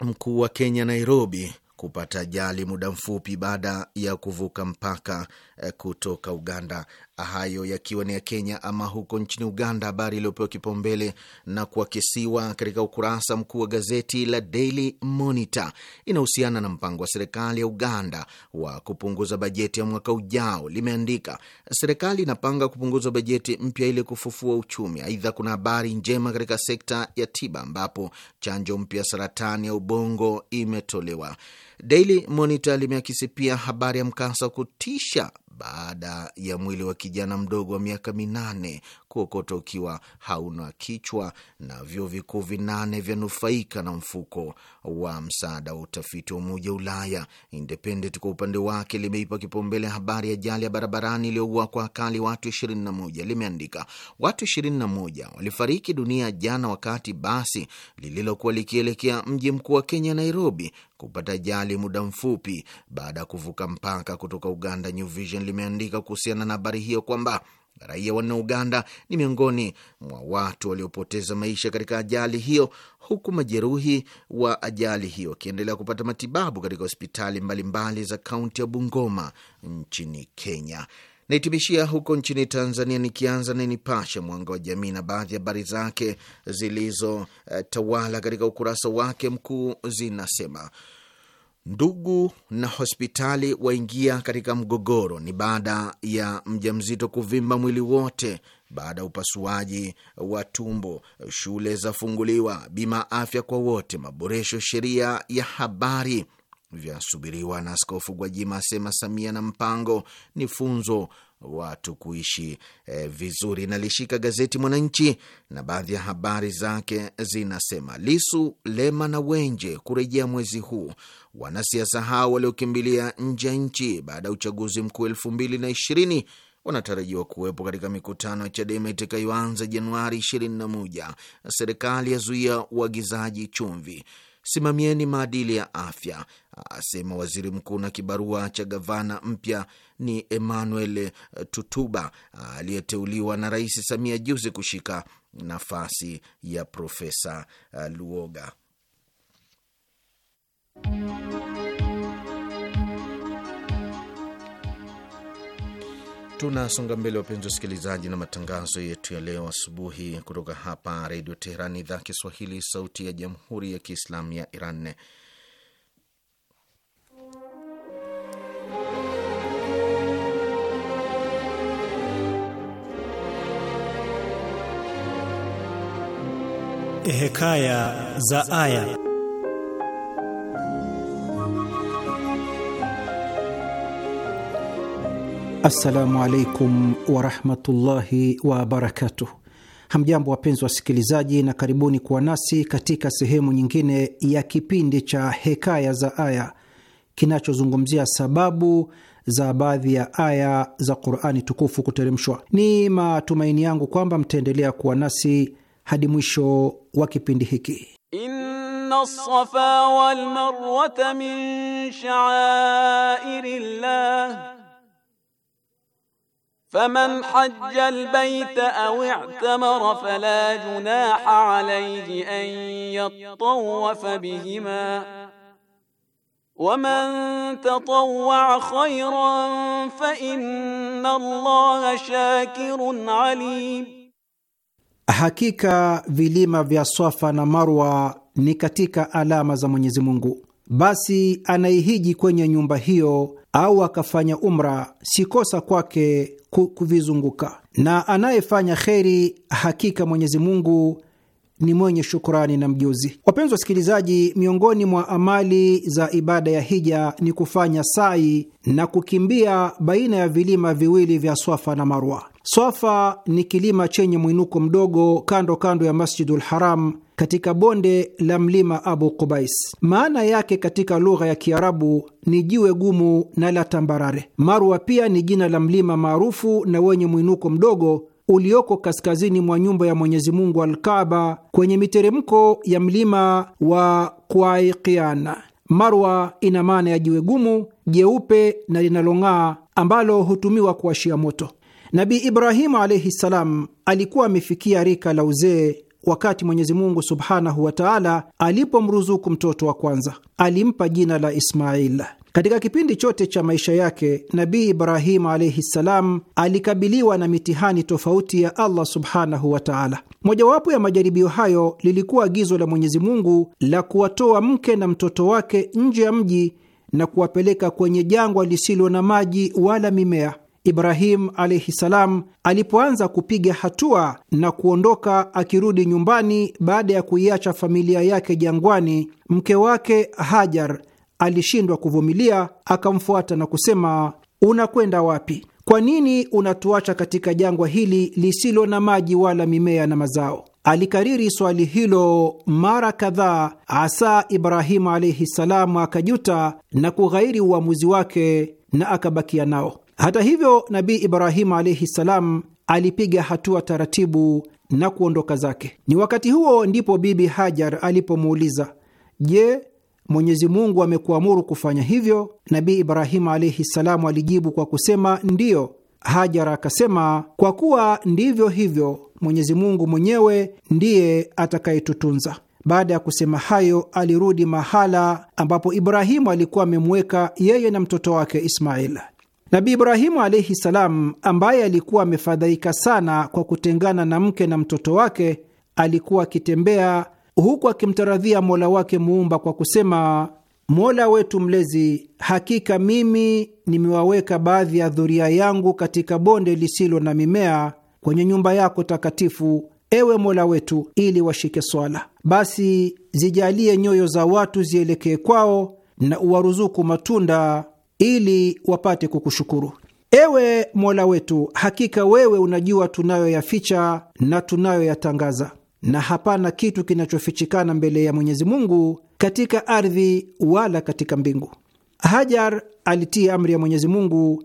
S1: mkuu wa Kenya, Nairobi, kupata ajali muda mfupi baada ya kuvuka mpaka Eh, kutoka Uganda. Hayo yakiwa ni ya Kenya. Ama huko nchini Uganda, habari iliyopewa kipaumbele na kuakisiwa katika ukurasa mkuu wa gazeti la Daily Monitor inahusiana na mpango wa serikali ya Uganda wa kupunguza bajeti ya mwaka ujao. Limeandika, serikali inapanga kupunguza bajeti mpya ili kufufua uchumi. Aidha, kuna habari njema katika sekta ya tiba ambapo chanjo mpya ya saratani ya ubongo imetolewa. Daily Monitor limeakisi pia habari ya mkasa wa kutisha baada ya mwili wa kijana mdogo wa miaka minane kuokota ukiwa hauna kichwa, na vyuo vikuu vinane vyanufaika na mfuko wa msaada wa utafiti wa Umoja wa Ulaya. Independent kwa upande wake limeipa kipaumbele habari ajali ya barabarani iliyoua kwa akali watu 21. Limeandika watu 21 walifariki dunia jana wakati basi lililokuwa likielekea mji mkuu wa Kenya, Nairobi, kupata ajali muda mfupi baada ya kuvuka mpaka kutoka Uganda. New Vision limeandika kuhusiana na habari hiyo kwamba raia wanne Uganda ni miongoni mwa watu waliopoteza maisha katika ajali hiyo, huku majeruhi wa ajali hiyo wakiendelea kupata matibabu katika hospitali mbalimbali za kaunti ya Bungoma nchini Kenya. Naitimishia huko nchini Tanzania, nikianza na Nipashe Mwanga wa Jamii na baadhi ya habari zake zilizotawala katika ukurasa wake mkuu zinasema Ndugu na hospitali waingia katika mgogoro. Ni baada ya mjamzito kuvimba mwili wote baada ya upasuaji wa tumbo. Shule zafunguliwa, bima afya kwa wote, maboresho sheria ya habari vyasubiriwa. Na Askofu Gwajima asema Samia na mpango ni funzo watu kuishi e, vizuri. Nalishika gazeti Mwananchi na baadhi ya habari zake zinasema: Lisu, Lema na Wenje kurejea mwezi huu, wanasiasa hao waliokimbilia nje ya nchi baada ya uchaguzi mkuu elfu mbili na ishirini wanatarajiwa kuwepo katika mikutano ya CHADEMA itakayoanza Januari 21. Serikali yazuia uagizaji chumvi. Simamieni maadili ya afya, asema waziri mkuu, na kibarua cha gavana mpya ni Emmanuel eh, Tutuba ah, aliyeteuliwa na Rais Samia juzi kushika nafasi ya Profesa ah, Luoga. Tunasonga mbele wapenzi wa usikilizaji na matangazo yetu ya leo asubuhi kutoka hapa Redio Teherani, idhaa Kiswahili, sauti ya jamhuri ya kiislamu ya Iran.
S3: Hekaya za Aya.
S5: Assalamu alaikum warahmatullahi wabarakatuh. Hamjambo wapenzi wasikilizaji, na karibuni kuwa nasi katika sehemu nyingine ya kipindi cha Hekaya za Aya kinachozungumzia sababu za baadhi ya aya za Qurani tukufu kuteremshwa. Ni matumaini yangu kwamba mtaendelea kuwa nasi hadi mwisho wa kipindi hiki.
S6: Inna safa wal marwa min sha'airillah faman hajja albayta aw i'tamara fala junaha alayhi an yattawafa bihima ومن تطوع خيرا فإن الله شاكر عليم
S5: Hakika vilima vya Swafa na Marwa ni katika alama za Mwenyezi Mungu. Basi anaihiji kwenye nyumba hiyo au akafanya umra, si kosa kwake kuvizunguka. Na anayefanya kheri, hakika Mwenyezi Mungu ni mwenye shukrani na mjuzi. Wapenzi wasikilizaji, miongoni mwa amali za ibada ya hija ni kufanya sai na kukimbia baina ya vilima viwili vya Swafa na Marwa. Swafa ni kilima chenye mwinuko mdogo kando kando ya Masjidul Haram katika bonde la mlima Abu Qubais. Maana yake katika lugha ya Kiarabu ni jiwe gumu na la tambarare. Marwa pia ni jina la mlima maarufu na wenye mwinuko mdogo ulioko kaskazini mwa nyumba ya Mwenyezi Mungu Alkaaba, kwenye miteremko ya mlima wa Kwaikian. Marwa ina maana ya jiwe gumu jeupe na linalong'aa ambalo hutumiwa kuashia moto. nabi Ibrahimu alaihi ssalam alikuwa amefikia rika la uzee wakati Mwenyezi Mungu subhanahu wa taala alipomruzuku mtoto wa kwanza, alimpa jina la Ismail. Katika kipindi chote cha maisha yake Nabii Ibrahimu alaihi ssalam alikabiliwa na mitihani tofauti ya Allah subhanahu wa taala. Mojawapo ya majaribio hayo lilikuwa agizo la Mwenyezi Mungu la kuwatoa mke na mtoto wake nje ya mji na kuwapeleka kwenye jangwa lisilo na maji wala mimea. Ibrahimu alaihi ssalam alipoanza kupiga hatua na kuondoka akirudi nyumbani baada ya kuiacha familia yake jangwani, mke wake Hajar alishindwa kuvumilia, akamfuata na kusema, unakwenda wapi? Kwa nini unatuacha katika jangwa hili lisilo na maji wala mimea na mazao? Alikariri swali hilo mara kadhaa, hasa Ibrahimu alaihi salamu akajuta na kughairi uamuzi wake na akabakia nao. Hata hivyo, Nabii Ibrahimu alaihi salam alipiga hatua taratibu na kuondoka zake. Ni wakati huo ndipo Bibi Hajar alipomuuliza, Je, Mwenyezi Mungu amekuamuru kufanya hivyo? Nabii Ibrahimu alaihi salamu alijibu kwa kusema ndiyo. Hajara akasema, kwa kuwa ndivyo hivyo, Mwenyezi Mungu mwenyewe ndiye atakayetutunza. Baada ya kusema hayo, alirudi mahala ambapo Ibrahimu alikuwa amemweka yeye na mtoto wake Ismail. Nabii Ibrahimu alaihi salam, ambaye alikuwa amefadhaika sana kwa kutengana na mke na mtoto wake, alikuwa akitembea huku akimtaradhia Mola wake muumba kwa kusema: Mola wetu mlezi, hakika mimi nimewaweka baadhi ya dhuria yangu katika bonde lisilo na mimea kwenye nyumba yako takatifu, ewe Mola wetu, ili washike swala. Basi zijalie nyoyo za watu zielekee kwao na uwaruzuku matunda ili wapate kukushukuru. Ewe Mola wetu, hakika wewe unajua tunayoyaficha na tunayoyatangaza na hapana kitu kinachofichikana mbele ya Mwenyezi Mungu katika ardhi wala katika mbingu. Hajar alitii amri ya Mwenyezi Mungu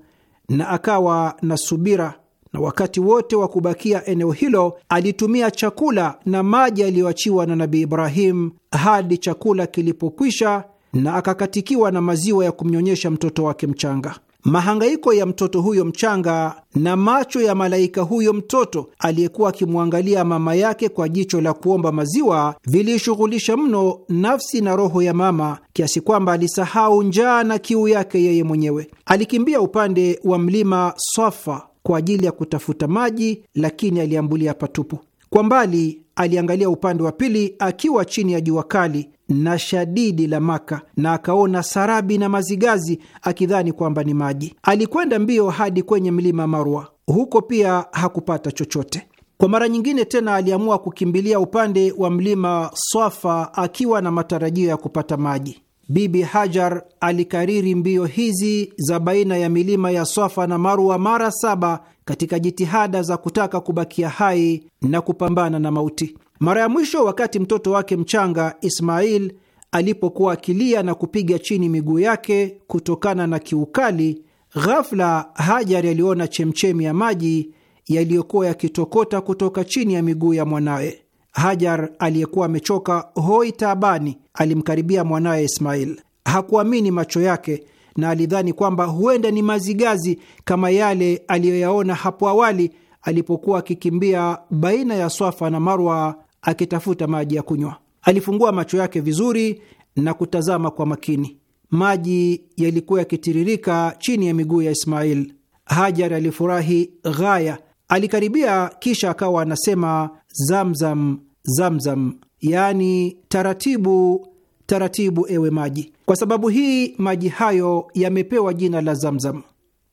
S5: na akawa na subira, na wakati wote wa kubakia eneo hilo alitumia chakula na maji aliyoachiwa na Nabii Ibrahim hadi chakula kilipokwisha, na akakatikiwa na maziwa ya kumnyonyesha mtoto wake mchanga mahangaiko ya mtoto huyo mchanga na macho ya malaika huyo mtoto aliyekuwa akimwangalia mama yake kwa jicho la kuomba maziwa vilishughulisha mno nafsi na roho ya mama kiasi kwamba alisahau njaa na kiu yake yeye mwenyewe. Alikimbia upande wa mlima Swafa kwa ajili ya kutafuta maji, lakini aliambulia patupu. Kwa mbali aliangalia upande wa pili akiwa chini ya jua kali na shadidi la Maka na akaona sarabi na mazigazi, akidhani kwamba ni maji. Alikwenda mbio hadi kwenye mlima Marwa, huko pia hakupata chochote. Kwa mara nyingine tena aliamua kukimbilia upande wa mlima Swafa akiwa na matarajio ya kupata maji. Bibi Hajar alikariri mbio hizi za baina ya milima ya Swafa na Marwa mara saba katika jitihada za kutaka kubakia hai na kupambana na mauti. Mara ya mwisho wakati mtoto wake mchanga Ismail alipokuwa akilia na kupiga chini miguu yake kutokana na kiukali, ghafla hajar aliona chemchemi ya maji yaliyokuwa yakitokota kutoka chini ya miguu ya mwanawe. Hajar aliyekuwa amechoka hoi taabani alimkaribia mwanaye Ismail. Hakuamini macho yake na alidhani kwamba huenda ni mazigazi kama yale aliyoyaona hapo awali alipokuwa akikimbia baina ya Swafa na Marwa akitafuta maji ya kunywa. Alifungua macho yake vizuri na kutazama kwa makini. Maji yalikuwa yakitiririka chini ya miguu ya Ismail. Hajar alifurahi ghaya, alikaribia, kisha akawa anasema Zamzam Zamzam, yaani taratibu taratibu, ewe maji. Kwa sababu hii maji hayo yamepewa jina la Zamzam.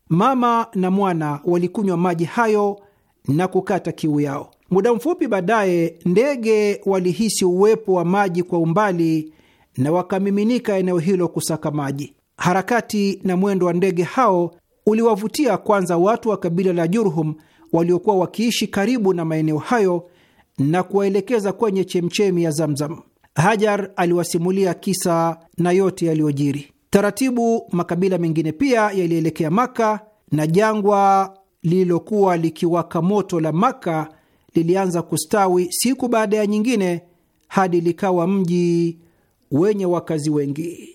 S5: Mama na mwana walikunywa maji hayo na kukata kiu yao. Muda mfupi baadaye, ndege walihisi uwepo wa maji kwa umbali na wakamiminika eneo hilo kusaka maji. Harakati na mwendo wa ndege hao uliwavutia kwanza watu wa kabila la Jurhum waliokuwa wakiishi karibu na maeneo hayo na kuwaelekeza kwenye chemchemi ya Zamzam. Hajar aliwasimulia kisa na yote yaliyojiri. Taratibu makabila mengine pia yalielekea Maka, na jangwa lililokuwa likiwaka moto la Maka lilianza kustawi siku baada ya nyingine hadi likawa mji wenye wakazi wengi.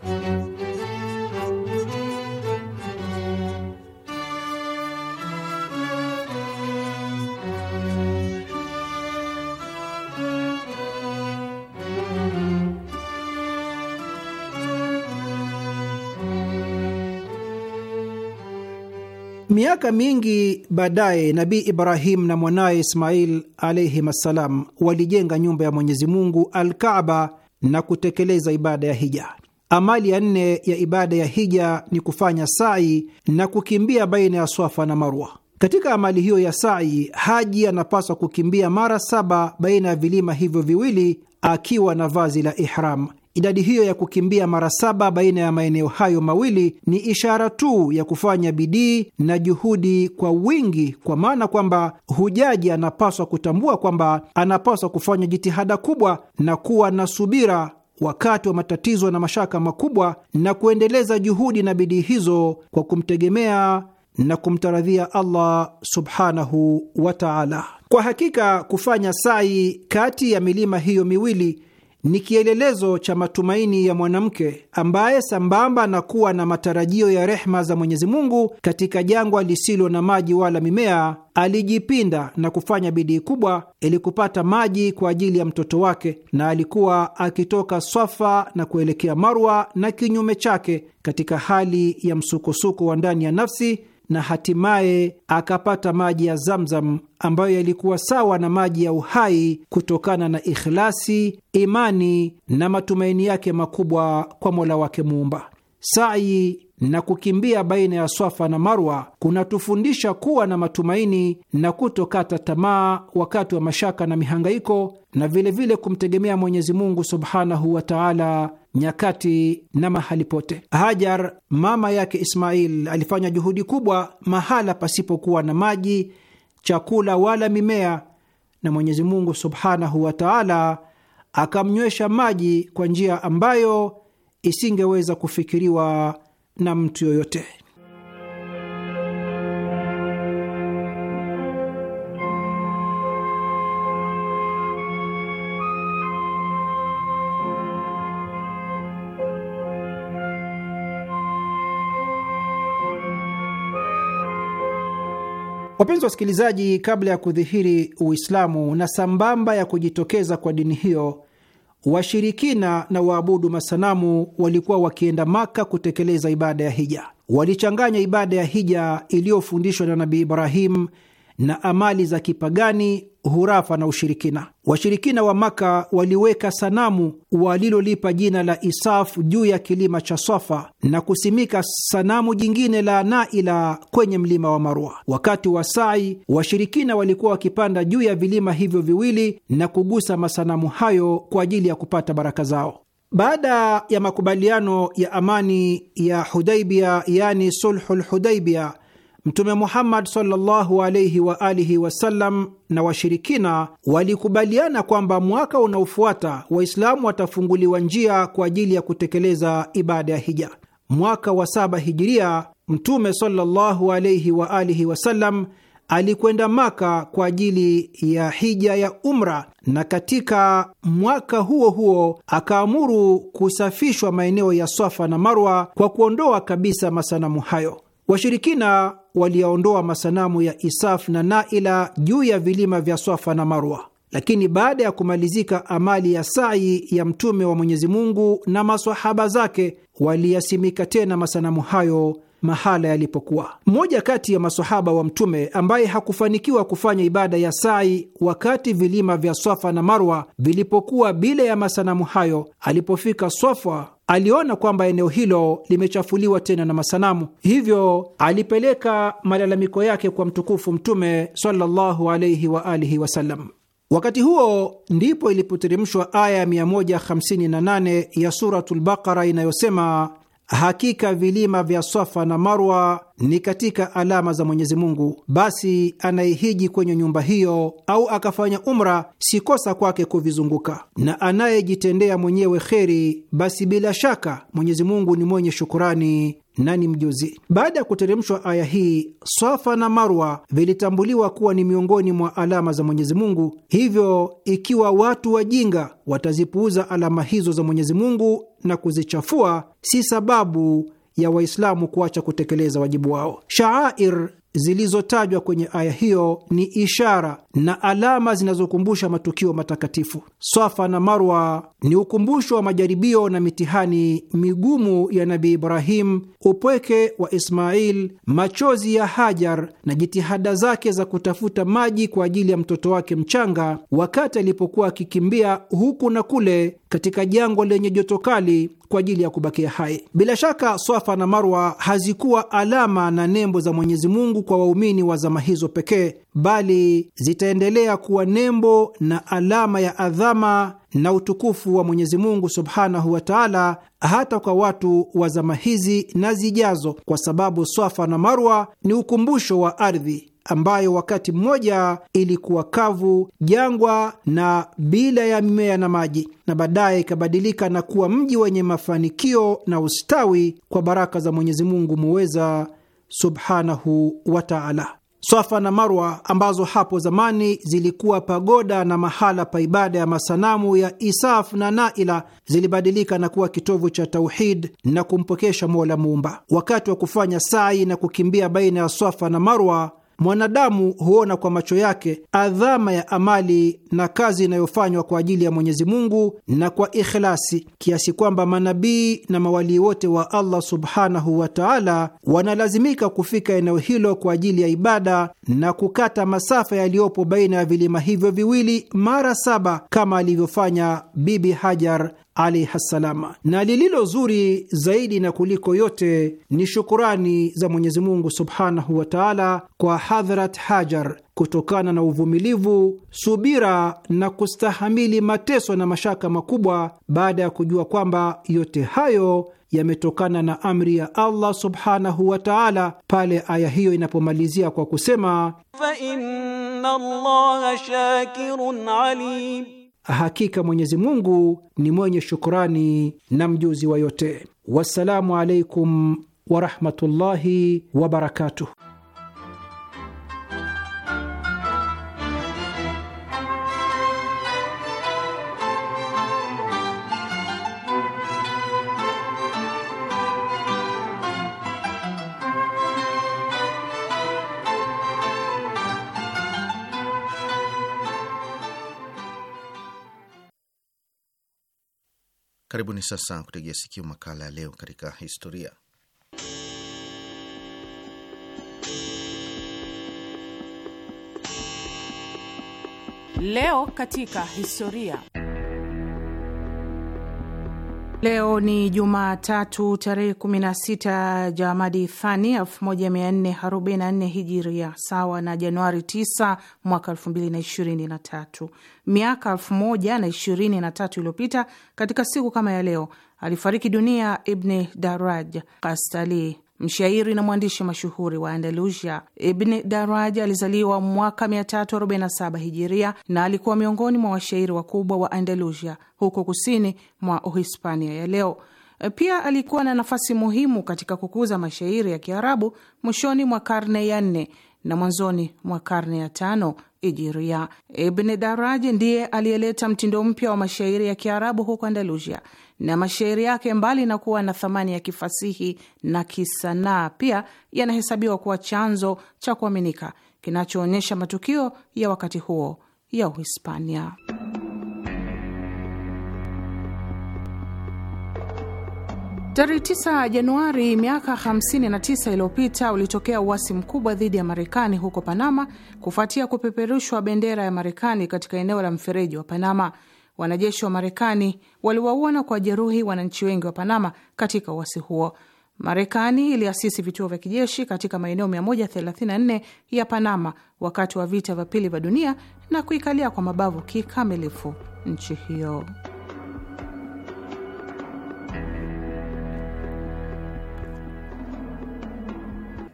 S5: Miaka mingi baadaye Nabii Ibrahim na mwanaye Ismail alayhim assalam walijenga nyumba ya Mwenyezi Mungu Alkaaba na kutekeleza ibada ya hija. Amali ya nne ya ibada ya hija ni kufanya sai na kukimbia baina ya Swafa na Marwa. Katika amali hiyo ya sai, haji anapaswa kukimbia mara saba baina ya vilima hivyo viwili akiwa na vazi la ihram Idadi hiyo ya kukimbia mara saba baina ya maeneo hayo mawili ni ishara tu ya kufanya bidii na juhudi kwa wingi, kwa maana kwamba hujaji anapaswa kutambua kwamba anapaswa kufanya jitihada kubwa na kuwa na subira wakati wa matatizo na mashaka makubwa, na kuendeleza juhudi na bidii hizo kwa kumtegemea na kumtaradhia Allah subhanahu wa taala. Kwa hakika kufanya sai kati ya milima hiyo miwili ni kielelezo cha matumaini ya mwanamke ambaye sambamba na kuwa na matarajio ya rehma za Mwenyezi Mungu katika jangwa lisilo na maji wala mimea, alijipinda na kufanya bidii kubwa ili kupata maji kwa ajili ya mtoto wake, na alikuwa akitoka Swafa na kuelekea Marwa na kinyume chake, katika hali ya msukosuko wa ndani ya nafsi na hatimaye akapata maji ya Zamzam ambayo yalikuwa sawa na maji ya uhai kutokana na ikhlasi, imani na matumaini yake makubwa kwa Mola wake Muumba. Sai na kukimbia baina ya Swafa na Marwa kunatufundisha kuwa na matumaini na kutokata tamaa wakati wa mashaka na mihangaiko, na vilevile kumtegemea Mwenyezi Mungu subhanahu wa taala nyakati na mahali pote. Hajar mama yake Ismail alifanya juhudi kubwa mahala pasipokuwa na maji, chakula wala mimea, na Mwenyezi Mungu subhanahu wa taala akamnywesha maji kwa njia ambayo isingeweza kufikiriwa na mtu yoyote. Wapenzi wa wasikilizaji, kabla ya kudhihiri Uislamu na sambamba ya kujitokeza kwa dini hiyo, washirikina na waabudu masanamu walikuwa wakienda Maka kutekeleza ibada ya hija. Walichanganya ibada ya hija iliyofundishwa na Nabii ibrahimu na amali za kipagani hurafa na ushirikina. Washirikina wa Maka waliweka sanamu walilolipa jina la Isafu juu ya kilima cha swafa na kusimika sanamu jingine la Naila kwenye mlima wa Marwa. Wakati wa sai, washirikina walikuwa wakipanda juu ya vilima hivyo viwili na kugusa masanamu hayo kwa ajili ya kupata baraka zao. Baada ya makubaliano ya amani ya Hudaibia, yani sulhul Hudaibia, Mtume Muhammad sallallahu alaihi wa alihi wasallam na washirikina walikubaliana kwamba mwaka unaofuata Waislamu watafunguliwa njia kwa ajili ya kutekeleza ibada ya hija. Mwaka wa saba hijiria, Mtume sallallahu alaihi wa alihi wasallam alikwenda Maka kwa ajili ya hija ya umra, na katika mwaka huo huo akaamuru kusafishwa maeneo ya Swafa na Marwa kwa kuondoa kabisa masanamu hayo. Washirikina waliyaondoa masanamu ya Isaf na Naila juu ya vilima vya Swafa na Marwa. Lakini baada ya kumalizika amali ya sai ya Mtume wa Mwenyezi Mungu na masahaba zake, waliyasimika tena masanamu hayo mahala yalipokuwa. Mmoja kati ya masahaba wa Mtume ambaye hakufanikiwa kufanya ibada ya sai wakati vilima vya Swafa na Marwa vilipokuwa bila ya masanamu hayo, alipofika Swafa aliona kwamba eneo hilo limechafuliwa tena na masanamu, hivyo alipeleka malalamiko yake kwa mtukufu Mtume sallallahu alaihi wa alihi wasallam. Wakati huo ndipo ilipoteremshwa aya 158 ya Suratul Baqara inayosema Hakika vilima vya Swafa na Marwa ni katika alama za Mwenyezi Mungu, basi anayehiji kwenye nyumba hiyo au akafanya umra, si kosa kwake kuvizunguka. Na anayejitendea mwenyewe kheri, basi bila shaka Mwenyezi Mungu ni mwenye shukurani na ni mjuzi. Baada ya kuteremshwa aya hii, Swafa na Marwa vilitambuliwa kuwa ni miongoni mwa alama za Mwenyezi Mungu. Hivyo, ikiwa watu wajinga watazipuuza alama hizo za Mwenyezi Mungu na kuzichafua, si sababu ya Waislamu kuacha kutekeleza wajibu wao. Shaair zilizotajwa kwenye aya hiyo ni ishara na alama zinazokumbusha matukio matakatifu. Swafa na Marwa ni ukumbusho wa majaribio na mitihani migumu ya Nabii Ibrahim, upweke wa Ismail, machozi ya Hajar na jitihada zake za kutafuta maji kwa ajili ya mtoto wake mchanga, wakati alipokuwa akikimbia huku na kule katika jangwa lenye joto kali kwa ajili ya kubakia hai. Bila shaka, Swafa na Marwa hazikuwa alama na nembo za Mwenyezi Mungu kwa waumini wa zama hizo pekee, bali zitaendelea kuwa nembo na alama ya adhama na utukufu wa Mwenyezi Mungu subhanahu wa taala, hata kwa watu wa zama hizi na zijazo, kwa sababu Swafa na Marwa ni ukumbusho wa ardhi ambayo wakati mmoja ilikuwa kavu, jangwa na bila ya mimea na maji, na baadaye ikabadilika na kuwa mji wenye mafanikio na ustawi kwa baraka za Mwenyezi Mungu muweza subhanahu wa taala. Swafa na Marwa ambazo hapo zamani zilikuwa pagoda na mahala pa ibada ya masanamu ya Isaf na Naila zilibadilika na kuwa kitovu cha tauhid na kumpokesha Mola Muumba. Wakati wa kufanya sai na kukimbia baina ya Swafa na Marwa, Mwanadamu huona kwa macho yake adhama ya amali na kazi inayofanywa kwa ajili ya Mwenyezi Mungu na kwa ikhlasi, kiasi kwamba manabii na mawalii wote wa Allah subhanahu wa taala wanalazimika kufika eneo hilo kwa ajili ya ibada na kukata masafa yaliyopo baina ya vilima hivyo viwili mara saba kama alivyofanya Bibi Hajar alaihi Na lililo zuri zaidi na kuliko yote ni shukurani za Mwenyezi Mungu subhanahu wa taala kwa Hadhrat Hajar kutokana na uvumilivu, subira na kustahamili mateso na mashaka makubwa, baada ya kujua kwamba yote hayo yametokana na amri ya Allah subhanahu wa taala, pale aya hiyo inapomalizia kwa kusema
S6: fa inna Allaha shakirun alim
S5: Hakika Mwenyezi Mungu ni mwenye shukurani na mjuzi wa yote. Wassalamu alaikum warahmatullahi wabarakatuh.
S1: Karibuni sasa kutegea sikio makala ya leo katika historia.
S2: Leo katika historia Leo ni Jumatatu tarehe 16 Jamadi Thani 1444 Hijiria, sawa na Januari 9 mwaka 2023. Miaka 1023 iliyopita katika siku kama ya leo alifariki dunia Ibni Daraj Kastali, mshairi na mwandishi mashuhuri wa Andalusia. ibn daraj alizaliwa mwaka 347 hijiria na alikuwa miongoni mwa washairi wakubwa wa Andalusia huko kusini mwa Uhispania ya leo. Pia alikuwa na nafasi muhimu katika kukuza mashairi ya Kiarabu mwishoni mwa karne ya nne na mwanzoni mwa karne ya tano hijiria. Ibn daraj ndiye aliyeleta mtindo mpya wa mashairi ya Kiarabu huko Andalusia na mashairi yake, mbali na kuwa na thamani ya kifasihi na kisanaa, pia yanahesabiwa kuwa chanzo cha kuaminika kinachoonyesha matukio ya wakati huo ya Uhispania. Tarehe 9 Januari miaka 59 iliyopita ulitokea uasi mkubwa dhidi ya Marekani huko Panama kufuatia kupeperushwa bendera ya Marekani katika eneo la mfereji wa Panama wanajeshi wa Marekani waliwaua na kuwajeruhi wananchi wengi wa Panama katika uasi huo. Marekani iliasisi vituo vya kijeshi katika maeneo 134 ya Panama wakati wa vita vya pili vya dunia na kuikalia kwa mabavu kikamilifu nchi hiyo.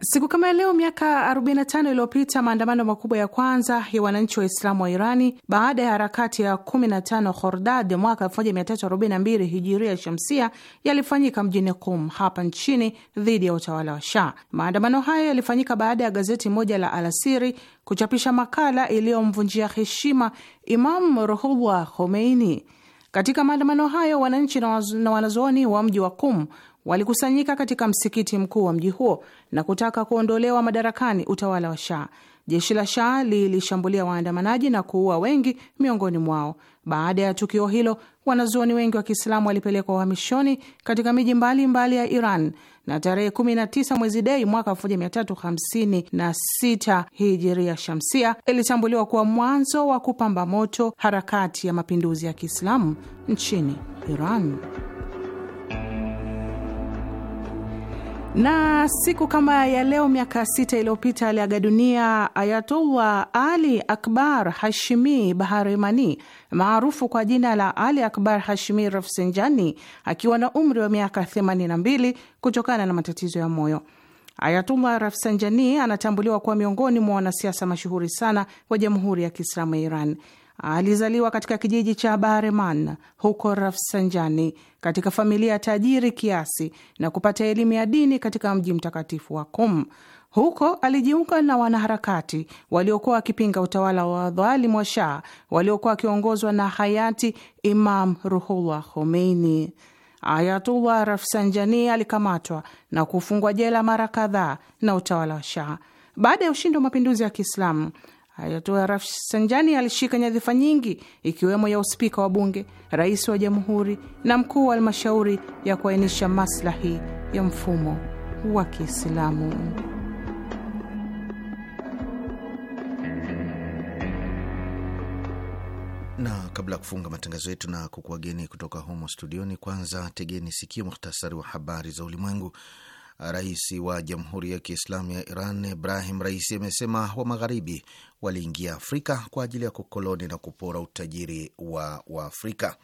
S2: Siku kama leo miaka 45 iliyopita maandamano makubwa ya kwanza ya wananchi Waislamu wa Irani baada ya harakati ya 15 Khordad mwaka 1342 hijiria shamsia yalifanyika mjini Qum hapa nchini dhidi ya utawala wa Shah. Maandamano hayo yalifanyika baada ya gazeti moja la Alasiri kuchapisha makala iliyomvunjia heshima Imam Ruhullah Khomeini. Katika maandamano hayo wananchi na wanazuoni wa mji wa Qum walikusanyika katika msikiti mkuu wa mji huo na kutaka kuondolewa madarakani utawala wa Shah. Jeshi la Shah lilishambulia waandamanaji na kuua wengi miongoni mwao. Baada ya tukio hilo, wanazuoni wengi wa Kiislamu walipelekwa uhamishoni katika miji mbalimbali ya Iran na tarehe 19 mwezi Dei mwaka 1356 hijiria shamsia ilitambuliwa kuwa mwanzo wa kupamba moto harakati ya mapinduzi ya Kiislamu nchini Iran. Na siku kama ya leo miaka sita iliyopita aliaga dunia Ayatullah Ali Akbar Hashimi Baharemani maarufu kwa jina la Ali Akbar Hashimi Rafsanjani akiwa na umri wa miaka 82 kutokana na matatizo ya moyo. Ayatullah Rafsanjani anatambuliwa kuwa miongoni mwa wanasiasa mashuhuri sana wa Jamhuri ya Kiislamu ya Iran. Alizaliwa katika kijiji cha bareman huko Rafsanjani katika familia ya tajiri kiasi na kupata elimu ya dini katika mji mtakatifu wa Kum. Huko alijiunga na wanaharakati waliokuwa wakipinga utawala wa dhalimu wa Shah waliokuwa wakiongozwa na hayati Imam Ruhullah Khomeini. Ayatullah Rafsanjani alikamatwa na kufungwa jela mara kadhaa na utawala wa Shah. Baada ya ushindi wa mapinduzi ya Kiislamu, Ayatola Rafsanjani alishika nyadhifa nyingi ikiwemo ya uspika wa bunge, rais wa jamhuri na mkuu wa halmashauri ya kuainisha maslahi ya mfumo wa Kiislamu.
S1: na kabla ya kufunga matangazo yetu na kukuwageni kutoka humo studioni, kwanza tegeni sikio muhtasari wa habari za ulimwengu. Rais wa Jamhuri ya Kiislamu ya Iran Ibrahim Raisi amesema wa Magharibi waliingia Afrika kwa ajili ya kukoloni na kupora utajiri wa Waafrika.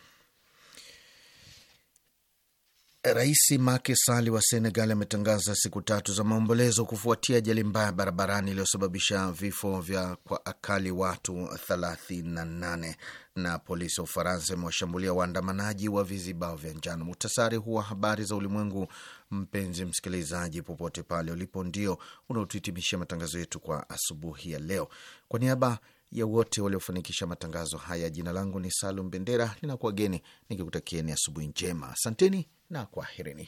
S1: Rais Macky Sall wa Senegal ametangaza siku tatu za maombolezo kufuatia ajali mbaya barabarani iliyosababisha vifo vya kwa akali watu 38 na polisi wa Ufaransa imewashambulia waandamanaji wa vizibao vya njano. Muhtasari huu wa habari za ulimwengu, mpenzi msikilizaji, popote pale ulipo, ndio unaotuhitimishia matangazo yetu kwa asubuhi ya leo. Kwa niaba ya wote waliofanikisha matangazo haya, jina langu ni Salum Bendera, ninakuwageni nikikutakieni asubuhi njema. Asanteni na kwaherini.